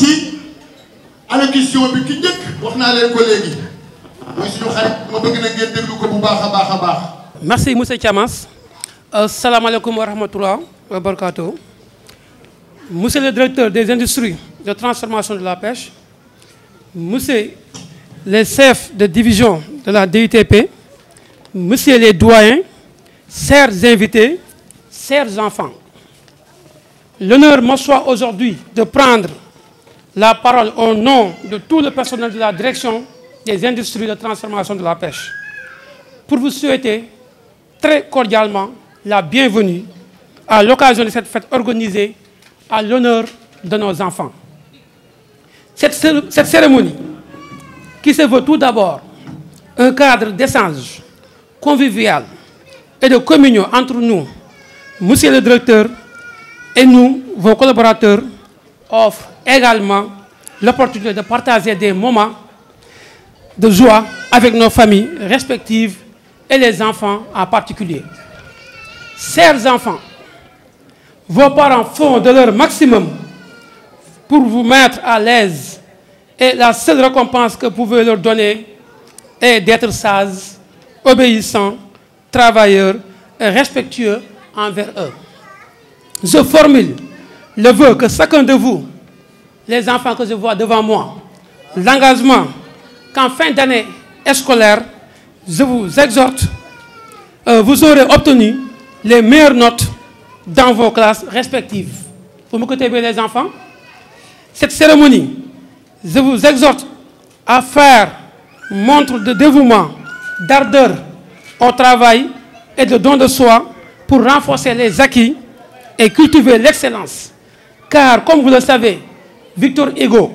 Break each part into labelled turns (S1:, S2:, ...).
S1: Merci, à bi ki merci monsieur euh, wa wa monsieur le directeur des industries de transformation de la pêche monsieur les chefs de division de la DUTP, monsieur les doyens chers invités chers enfants l'honneur me soit aujourd'hui de prendre la parole au nom de tout le personnel de la direction des industries de transformation de la pêche pour vous souhaiter très cordialement la bienvenue à l'occasion de cette fête organisée à l'honneur de nos enfants. Cette, cérémonie, qui se veut tout d'abord un cadre d'échange convivial et de communion entre nous, Monsieur le Directeur, et nous, vos collaborateurs, offre également l'opportunité de partager des moments de joie avec nos familles respectives et les enfants en particulier. Chers enfants, vos parents font de leur maximum pour vous mettre à l'aise et la seule récompense que vous pouvez leur donner est d'être sages, obéissants, travailleurs et respectueux envers eux. Je formule le vœu que chacun de vous les enfants que je vois devant moi, l'engagement qu'en fin d'année scolaire, je vous exhorte, euh, vous aurez obtenu les meilleures notes dans vos classes respectives. Vous m'écoutez bien les enfants Cette cérémonie, je vous exhorte à faire montre de dévouement, d'ardeur au travail et de don de soi pour renforcer les acquis et cultiver l'excellence. Car, comme vous le savez, Victor Hugo,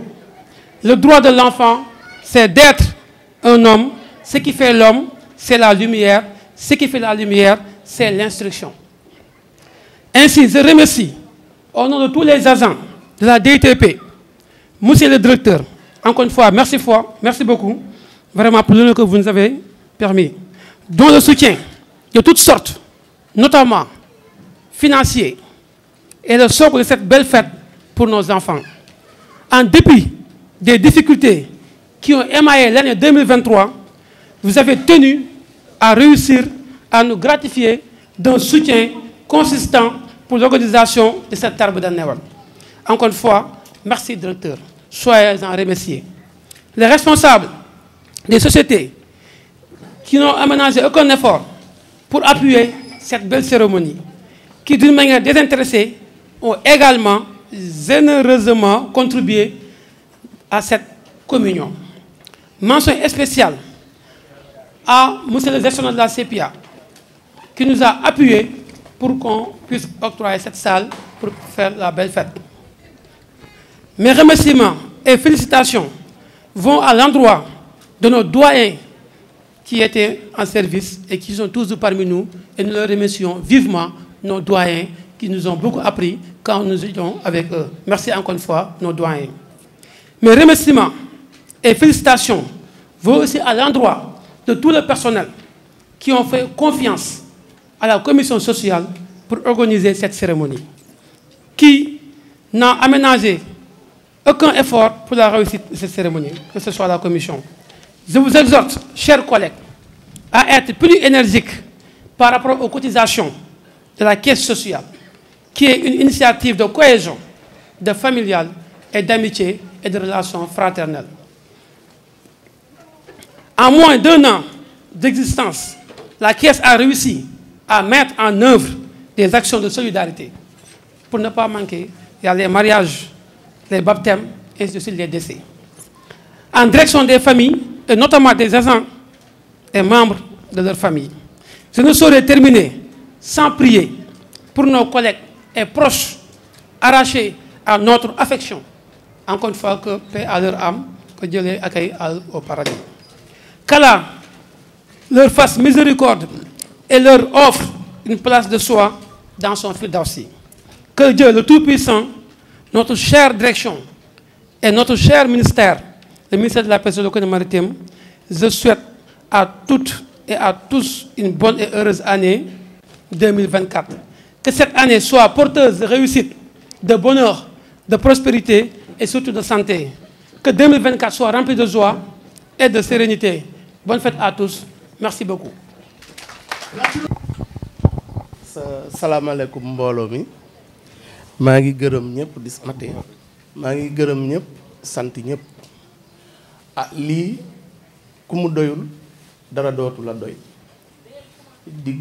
S1: le droit de l'enfant, c'est d'être un homme. Ce qui fait l'homme, c'est la lumière. Ce qui fait la lumière, c'est l'instruction. Ainsi, je remercie, au nom de tous les agents de la DTP, Monsieur le directeur, encore une fois, merci, merci beaucoup, vraiment pour l'honneur que vous nous avez permis, dont le soutien de toutes sortes, notamment financier, et le socle de cette belle fête pour nos enfants en dépit des difficultés qui ont émaillé l'année 2023, vous avez tenu à réussir à nous gratifier d'un soutien consistant pour l'organisation de cette arbre d'année. Encore une fois, merci directeur. Soyez en remerciés. Les responsables des sociétés qui n'ont aménagé aucun effort pour appuyer cette belle cérémonie, qui d'une manière désintéressée ont également généreusement contribué à cette communion. Mention spéciale à M. le gestionnaire de la CPA qui nous a appuyés pour qu'on puisse octroyer cette salle pour faire la belle fête. Mes remerciements et félicitations vont à l'endroit de nos doyens qui étaient en service et qui sont toujours parmi nous et nous leur remercions vivement nos doyens qui nous ont beaucoup appris quand nous étions avec eux. Merci encore une fois, nos doyens. Mes remerciements et félicitations vont aussi à l'endroit de tout le personnel qui ont fait confiance à la commission sociale pour organiser cette cérémonie, qui n'a aménagé aucun effort pour la réussite de cette cérémonie, que ce soit la commission. Je vous exhorte, chers collègues, à être plus énergiques par rapport aux cotisations de la caisse sociale qui est une initiative de cohésion, de familiale et d'amitié et de relations fraternelles. En moins d'un an d'existence, la Caisse a réussi à mettre en œuvre des actions de solidarité. Pour ne pas manquer, il y a les mariages, les baptêmes, et aussi les décès. En direction des familles, et notamment des agents et membres de leur famille. Je ne saurais terminer sans prier pour nos collègues est proche, arraché à notre affection. Encore une fois, que paix à leur âme, que Dieu les accueille au paradis. Qu'Allah leur fasse miséricorde et leur offre une place de soi dans son fil Que Dieu le Tout-Puissant, notre chère direction et notre cher ministère, le ministère de la Paix et de l'Occident maritime, je souhaite à toutes et à tous une bonne et heureuse année 2024 que cette année soit porteuse de réussite, de bonheur, de prospérité et surtout de santé. Que 2024 soit rempli de joie et de sérénité. Bonne fête à tous. Merci beaucoup.
S2: Salam alaikum mbolo mi. maa ngi gërëm ñëpp di matin maa ngi gërëm ñëpp sant ñëpp ah lii ku doyul dara dootu la doy di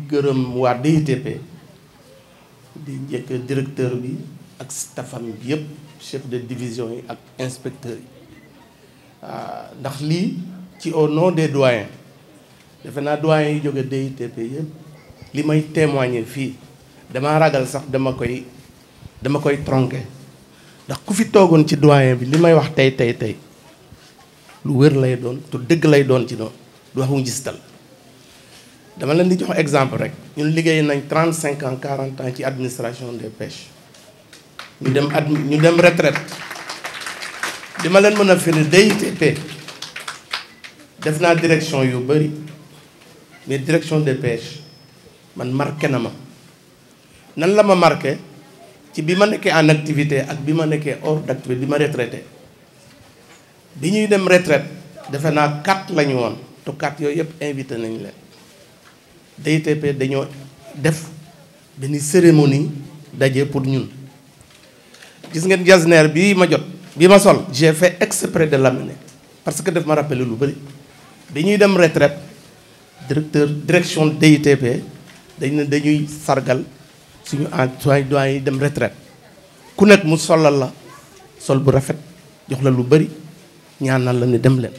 S2: di njëkk directeur bi ak staffam bi yëpp chef de division yi ak inspecteur yi ah, ndax lii ci au nom des doyens defe naa doyens yi jóge DITP yëpp li may témoigner fii dama ragal sax dama koy dama koy tronqué ndax ku fi toogoon ci doyen bi li may wax tey tey tey lu wér lay doon te dëgg lay doon ci noonu du waxu ngistal dama leen di jox exemple rek ñun liggéey nañ trente ans quarante ans ci administration des pêches ñu dem ñu dem retraite di ma leen mën a firi DITP def naa direction yu bëri mais direction des pêches man marqué na ma nan la ma marqué ci bi ma nekkee en activité ak bi ma nekkee hors d'activité bi ma retraité bi ñuy dem retraite defe naa quatre la ñu woon te quatre yooyu yëpp invité nañ leen p dañoo def benn cérémonie daje pour ñun gis ngeen jasneer bi ma jot bi ma sol j'ai fait exprès de l'amener parce que daf ma rappeler lu bëri bi ñuy dem retraite directeur direction DITP dañ ne dañuy sargal suñu employé doyen yi dem retraite ku nekk mu solal la sol bu rafet jox la lu bëri ñaanal la ne dem leen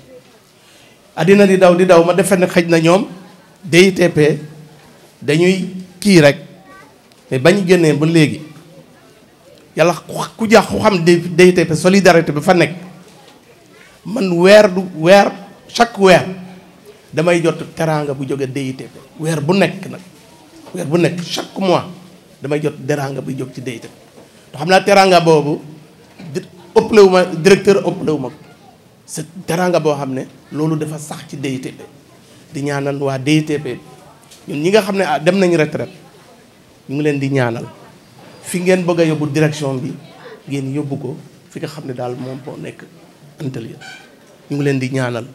S2: addina di daw di daw ma defe ne xëj na ñoom DITP dañuy kii rek mais ba ñu génnee ba léegi yàlla ku jax ku xam DITP solidarité bi fa nekk man weer du weer chaque weer damay jot teraanga bu jóge DITP weer bu nekk nag weer bu nekk chaque mois damay jot teraanga buy jóg ci DITP te xam naa teraanga boobu ëpplewu ma directeur ëpplewu ma c'est teraanga boo xam ne loolu dafa sax ci DITP di ñaanal waa DITP ñun ñi nga xam ne ah dem nañu retraite ñu ngi leen di ñaanal fi ngeen bëgg a yóbbu direction bi ngeen yóbbu ko fi nga xam ne daal moom moo nekk antelier ñu ngi leen di ñaanal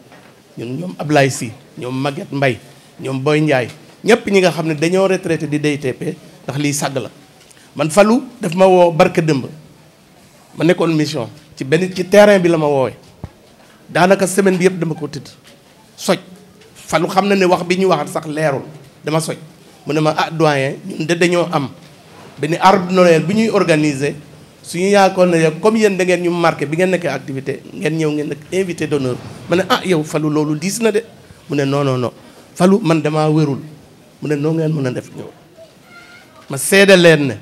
S2: ñun ñoom Ablaye Sy ñoom Maguette mbay ñoom booy Ndiaye ñëpp ñi nga xam ne dañoo retraité di DITP ndax lii sagg la man falu daf ma woo barka dëmb ma nekkoon mission ci benn ci terrain bi la ma woowee daanaka semaine bi yëpp dama ko tëdd falu xam na ne wax bi ñu waxat sax leerul dama soj mu ne ma ah doyen ñun de dañoo am benn arbre Noël bi ñuy organiser ñu yaakaar ne comme yéen da ngeen ñu marqué bi ngeen nekkee activité ngeen ñëw ngeen nekk invité d'honneur ma ne ah yow falu loolu diis na de mu ne non noo non Fallou man damaa wérul mu ne noo ngeen mën a def ñëw ma seede leen ne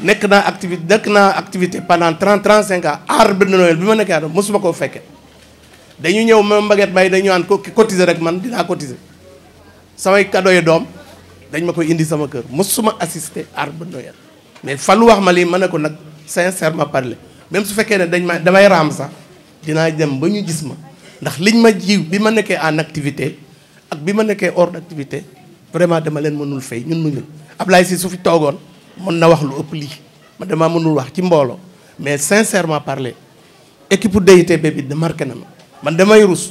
S2: nekk naa activité nekk naa activité pendant trente trente cinq ans arbre Noël bi ma nekkee aadama mosuma koo fekkee. dañu ñëw ma mbaget may dañu naan ko cotiser rek man dinaa cotiser samay kadoye doom dañ ma koy indi sama kër mosuma assister arbre Noël mais lu wax ma lii ma ne ko nag sincèrement parler même su fekkee ne dañ ma damay raam sax dinaa dem ba ñu gis ma ndax liñ ma jiw bi ma nekkee en activité ak bi ma nekkee hors activité vraiment dama leen mënul fay ñun muñu Ablaye si su fi toogoon mën na wax lu ëpp lii ma dama mënul wax ci mbooloo mais sincèrement parler équipe DITB bi de marqué na ma man damay rus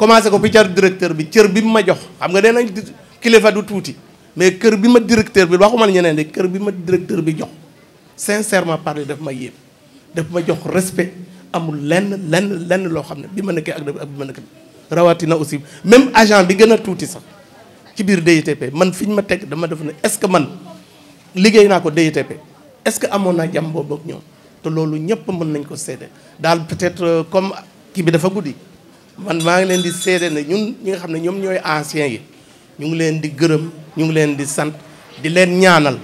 S2: commencé ko piccaru directeur bi cieur bi ma jox xam nga nee kilifa du touti, mais kër bi ma directeur bi waxuma la ñeneen de kër bi ma directeur bi jox sincèrement parler daf ma yeb daf ma jox respect amul lenn lenn lenn lo xamne ne bi ma ak bi ma rawatina aussi même agent bi gën touti sax ci bir DTP man fiñ ma teg dama def ne est-ce que man liggéey na ko DITP est-ce que amona jam jàmm boobu ak ñoom te lolu ñepp mën nañ ko seede dal peut-être euh, comme kii bi dafa guddi man maa ngi leen di seede ne ñun ñi nga xam ne ñoom ñooy anciens yi ñu ngi leen di gërëm ñu ngi leen di sant di leen ñaanal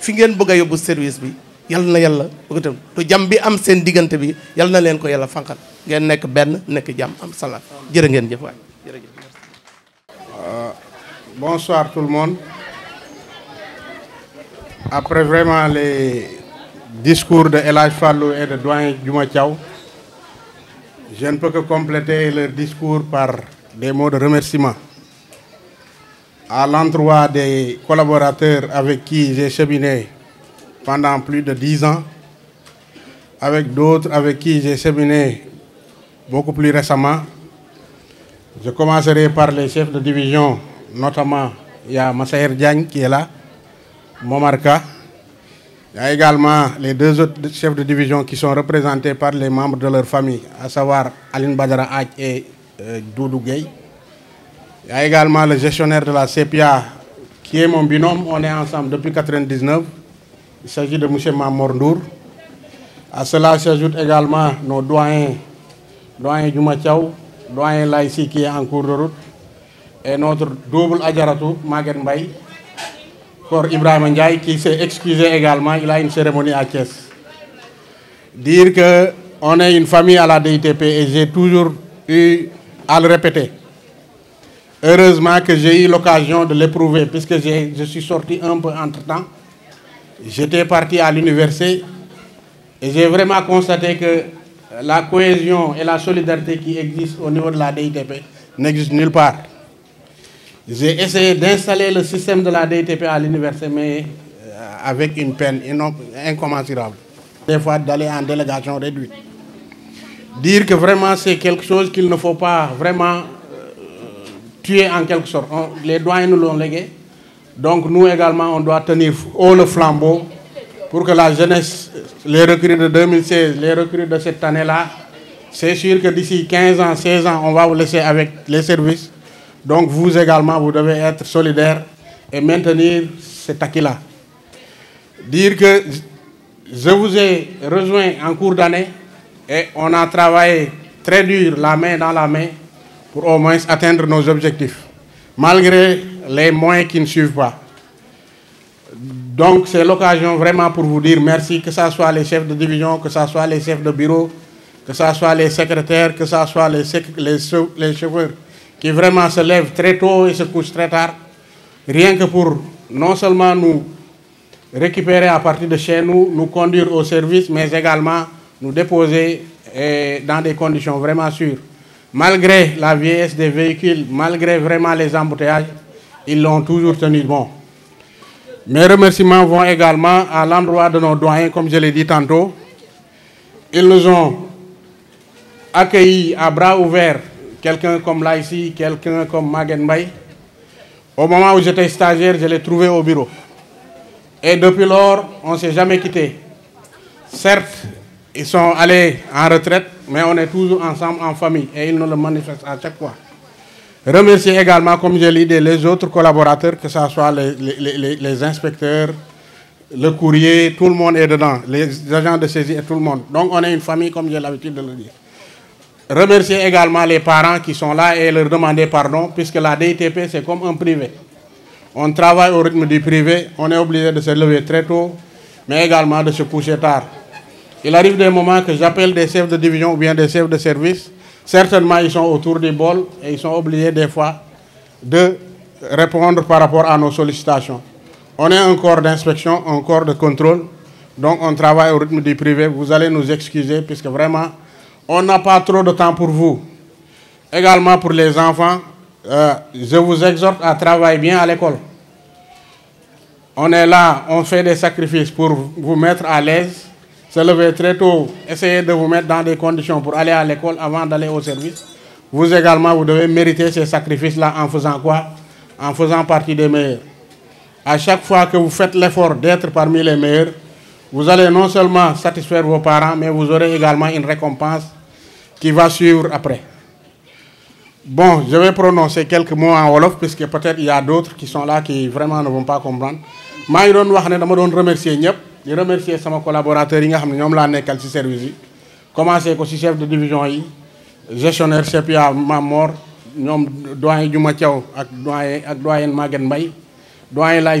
S2: fi ngeen bëgg a yóbbu service bi yàlla na yàlla bëgg itam te jàmm bi am seen diggante bi yàlla na leen ko yàlla fanqal ngeen nekk benn nekk jam am salaam jërë ngeen jëf waay jërëjëf ah, bonsoir tout le monde
S3: après vraiment les discours de El Hadj Fallou et de doyen Diouma Thiaw je ne peux que compléter leur discours par des mots de remerciement à l'endroit des collaborateurs avec qui j'ai cheminé pendant plus de dix ans, avec d'autres avec qui j'ai cheminé beaucoup plus récemment. Je commencerai par les chefs de division, notamment il y a Masahir Diagne qui est là, Momarka, il y a également les deux autres chefs de division qui sont représentés par les membres de leur famille, à savoir Aline Badara Ak et euh, Doudou Gueye. Il y a également le gestionnaire de la CPA qui est mon binôme. On est ensemble depuis 1999. Il s'agit de M. Mamordour. À cela s'ajoutent également nos doyens, doyen Jumachao, doyen Laïsi qui est en cours de route, et notre double Adjaratou, Magen Mbaye, Ibrahim Ndiaye qui s'est excusé également, il a une cérémonie à Thiès. Dire qu'on est une famille à la DITP et j'ai toujours eu à le répéter. Heureusement que j'ai eu l'occasion de l'éprouver puisque je suis sorti un peu entre-temps. J'étais parti à l'université et j'ai vraiment constaté que la cohésion et la solidarité qui existent au niveau de la DITP n'existent nulle part. J'ai essayé d'installer le système de la DTP à l'université, mais euh, avec une peine incommensurable. Des fois, d'aller en délégation réduite. Dire que vraiment c'est quelque chose qu'il ne faut pas vraiment euh, tuer en quelque sorte. les doigts nous l'ont légué. Donc nous également, on doit tenir haut le flambeau pour que la jeunesse, les recrues de 2016, les recrues de cette année-là, c'est sûr que d'ici 15 ans, 16 ans, on va vous laisser avec les services. Donc vous également, vous devez être solidaire et maintenir cet acquis-là. Dire que je vous ai rejoint en cours d'année et on a travaillé très dur, la main dans la main, pour au moins atteindre nos objectifs, malgré les moyens qui ne suivent pas. Donc c'est l'occasion vraiment pour vous dire merci, que ce soit les chefs de division, que ce soit les chefs de bureau, que ce soit les secrétaires, que ce soit les, les, les chauffeurs qui vraiment se lève très tôt et se couche très tard, rien que pour non seulement nous récupérer à partir de chez nous, nous conduire au service, mais également nous déposer eh, dans des conditions vraiment sûres. Malgré la vieillesse des véhicules, malgré vraiment les embouteillages, ils l'ont toujours tenu bon. Mes remerciements vont également à l'endroit de nos doyens, comme je l'ai dit tantôt. Ils nous ont accueillis à bras ouverts quelqu'un comme ici, quelqu'un comme Maguenbaye. Au moment où j'étais stagiaire, je l'ai trouvé au bureau. Et depuis lors, on ne s'est jamais quitté. Certes, ils sont allés en retraite, mais on est toujours ensemble en famille et ils nous le manifestent à chaque fois. Remercier également, comme j'ai l'idée, les autres collaborateurs, que ce soit les, les, inspecteurs, le courrier, tout le monde est dedans, les agents de saisie et tout le monde. Donc on est une famille, comme j'ai l'habitude de le dire. Remercier également les parents qui sont là et leur demander pardon, puisque la DITP, c'est comme un privé. On travaille au rythme du privé, on est obligé de se lever très tôt, mais également de se coucher tard. Il arrive des moments que j'appelle des chefs de division ou bien des chefs de service. Certainement, ils sont autour du bol et ils sont obligés des fois de répondre par rapport à nos sollicitations. On est un corps d'inspection, un corps de contrôle, donc on travaille au rythme du privé. Vous allez nous excuser puisque vraiment, on n'a pas trop de temps pour vous. Également pour les enfants, euh, je vous exhorte à travailler bien à l'école. On est là, on fait des sacrifices pour vous mettre à l'aise, se lever très tôt, essayer de vous mettre dans des conditions pour aller à l'école avant d'aller au service. Vous également, vous devez mériter ces sacrifices-là en faisant quoi En faisant partie des meilleurs. À chaque fois que vous faites l'effort d'être parmi les meilleurs, vous allez non seulement satisfaire vos parents, mais vous aurez également une récompense qui va suivre après. Bon, je vais prononcer quelques mots en Wolof, puisque peut-être il y a d'autres qui sont là qui vraiment ne vont pas comprendre. Je vais remercier ñëpp collaborateurs qui nga là, ne ñoom service yi commencé chef de division yi gestionnaire CPA mort, le doyen du Thiaw ak doyen ak doyen doyen laay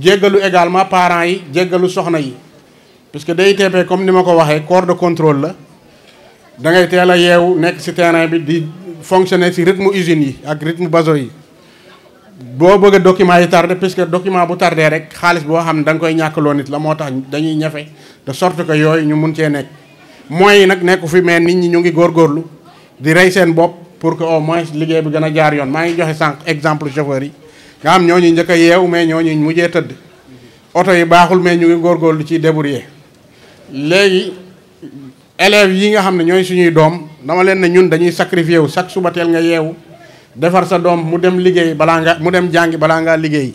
S3: jéggalu également parents yi jéggalu soxna yi day DITP comme nima ko waxee corps de contrôle la da ngay téla a nek nekk ci terrain bi di fonctionner ci rythme usine yi ak rythme bazo yi bo bëgg a document yi tardé que document bu tardé rek xaalis bo xam dang da ñak lo nit la motax dañuy ñafé de sorte que yoy ñu mën ci nekk moy nak nek fu fi nit ñi ñu ngi gorlu di ray sen bop pour que au moins liggéey bi gëna jaar yoon ma ngi joxe sank exemple chauffeur yi nga am ñoñu ñëk yew me ñoñu mujjé tedd auto yi baaxul me ñu ngi lu ci débourier légui élève yi nga xamné ñoy suñuy dom dama leen né ñun dañuy sacrifier wu chaque suba teel nga yew défar sa dom mu dem liggéey bala nga mu dem jàngi bala nga liggéey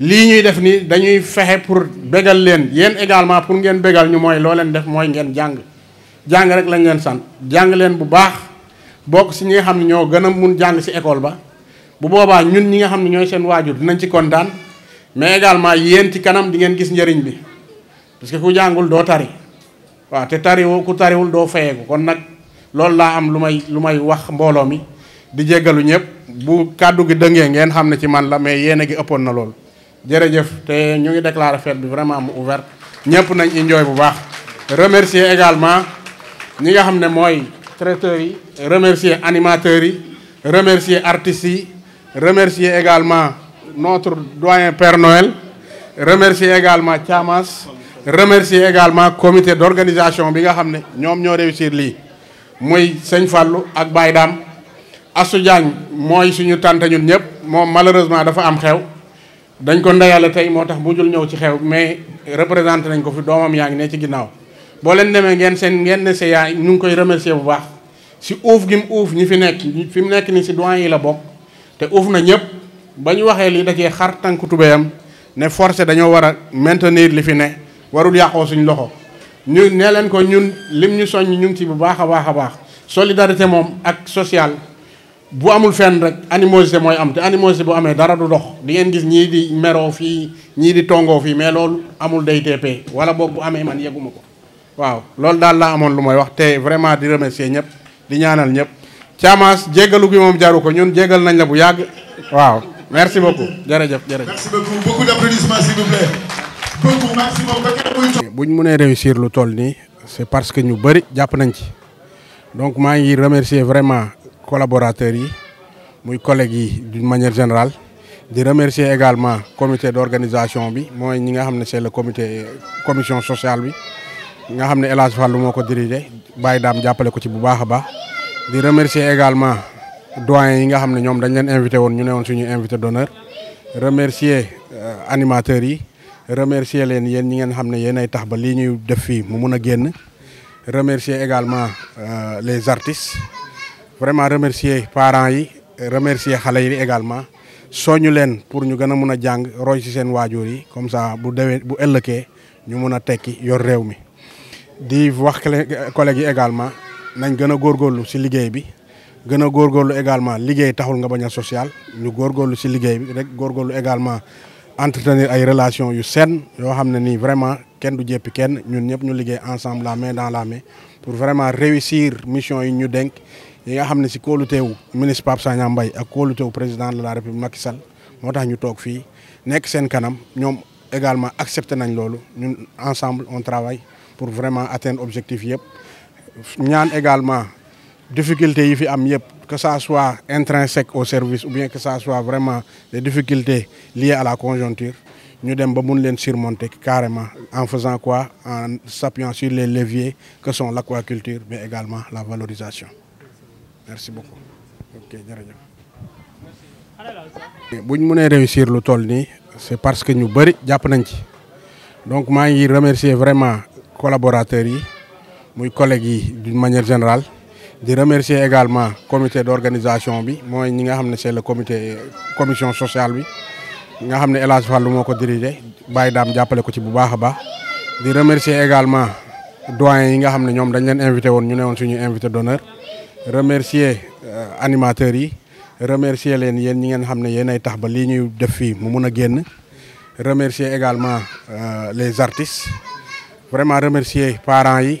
S3: li ñuy def ni dañuy fexé pour bégal leen yeen également pour ngeen bégal ñu moy lo leen def moy ngeen jang jang rek lañ leen sant jang leen bu baax bok si ñi nga xam ne ñoo gën école ba bu boba ñun ñi nga xamni ñoy seen wajur dinañ ci contane mais également yeen ci kanam di ngeen gis bi parce que ku jangul do tari waaw te wo ku wul do fayeeku kon nak lool la am lumay lumay wax mbolo mi di jéggalu bu kaddu gi dëngee ngeen xamni ci man la mais yeen gi ëppon na lool jërëjëf te ñu ngi déclarer fête bi vraiment mu ouvert nañ enjoy bu baax remercier également ñi nga xamne moy traiteur yi remercier animateur yi remercier artistes yi Remercier également notre doyen Père Noël. Remercier également Thiamas. Remercier également le comité d'organisation bi nga xam ne ñoom ñoo réussir lii muy sëñ Fallou ak Baye Dame Assou suñu tante ñun ñep mom malheureusement dafa am xew dañ ko ndeyale tay motax bu jul ñew ci xew mais représenté nañ ko fi domam yaa ngi ci ginnaw bo len demee ngeen sen ngeen ne sa yaay ñu ngi koy remercier bu baax ci ouf gi ouf ñi fi nekk fi mu nekk ni ci doyen yi la bok te uuf na ñëpp ba ñu waxee lii da cee xar tànk tubéyam ne force dañoo wara a li fi ne warul yàqoo suñ loxo ñu nee leen ko ñun lim ñu soññ ñu ngi ci bu baax a baax a baax solidarité moom ak social bu amul fenn rek animosité mooy am te animosité bu amee dara du dox di ngeen gis ñii di meroo fii ñii di tongoo fii mais loolu amul day teepee wala boog bu amee man yeguma ko waaw loolu daal laa amoon lu may wax te vraiment di remercier ñëpp di ñaanal ñëpp Thiamas jéggalu gi mom jaru ko ñun jéggal nañ la bu yag waaw merci beaucoup jërëjëf jërëjëf.
S2: merci beaucoup beaucoup d'applaudissements s'il vous plaît.
S1: beaucoup merci beaucoup.
S3: bu ñu mënee réussir lu toll ni c'est parce que ñu bari japp nañ ci donc ma ngi remercier vraiment collaborateurs yi muy collègues yi d'une manière générale di remercier également comité d'organisation bi moy ñi nga xamné c'est le comité commission sociale bi nga xamné ne El Hadj Fallou moko diriger dirigé bàyyi daam ko ci bu baaxa a baax di remercier également doyen yi nga xam ñom dañ leen invité won ñu ne suñu invité d'honneur remercier euh, animateurs yi remercier leen yeen ñi nga xam ne ay tax ba li ñuy def fi mu mëna génn remercier également euh, les artistes vraiment remercier parents yi remercier xalé yi également soñu leen pour ñu gëna mëna jang a roy ci seen wajur yi comme ça bu dewee bu ëllëgee ñu mëna a tekki yor réew mi di wax collègues yi également nañ gëna a góorgóorlu liggéey bi gëna a également liggéey taxul nga baña social ñu góorgóorlu ci liggéey bi rek góorgóorlu également entretenir ay relations yu saines yo xamné ni vraiment kenn du jéppi kenn ñun ñëpp ñu liggéey ensemble la main dans la main pour vraiment réussir mission yi ñu dénk yi nga xam ne si kóoluteewu ministre Pape Sagna Mbaye ak kóoluteewu président de la République Macky Sall motax ñu tok fi, nek sen kanam ñom également accepté nañ lolu ñun ensemble on travaille pour vraiment atteindre objectif yëpp il également difficultés yi fi am yépp que ça soit intrinsèque au service ou bien que ça soit vraiment des difficultés liées à la conjoncture ñu dem ba mun surmonter carrément en faisant quoi en s'appuyant sur les leviers que sont l'aquaculture mais également la valorisation merci beaucoup ok jërëjëf bu mënee réussir lu toll c'est parce que nous bëri jàpp nañ ci donc maa ngi remercier vraiment collaborateurs mes collègues d'une manière générale di remercier également comité d'organisation bi mooy ñi nga c'est le comité commission sociale bi nga xamné ne El Hadj Fallou moko ko dirigé bàyyi dam jàppale ko ci bu baax ba di remercier également doyen yi nga xamné ñom dañ leen invité won ñu néwon suñu invité d'honneur remercier euh, animateur yi remercier leen yeen ñi ngeen xamné ne ay tax ba li ñuy def fi mu mëna a génn remercier également euh, les artistes vraiment remercier parents yi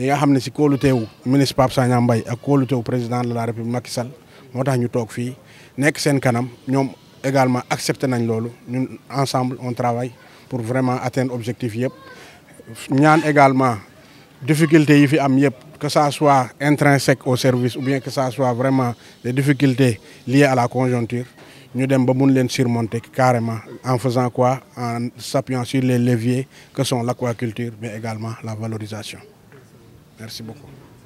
S3: Nous avons xam ne ministre Pape président de la république Macky Sall ñu nous avons également accepté nañ Nous, ensemble on travaille pour vraiment atteindre l'objectif. Nous avons également difficultés yi fi que ça soit intrinsèque au service ou bien que ça soit vraiment des difficultés liées à la conjoncture nous devons les surmonter carrément en faisant quoi En s'appuyant sur les leviers que sont l'aquaculture, mais également la valorisation. Merci beaucoup.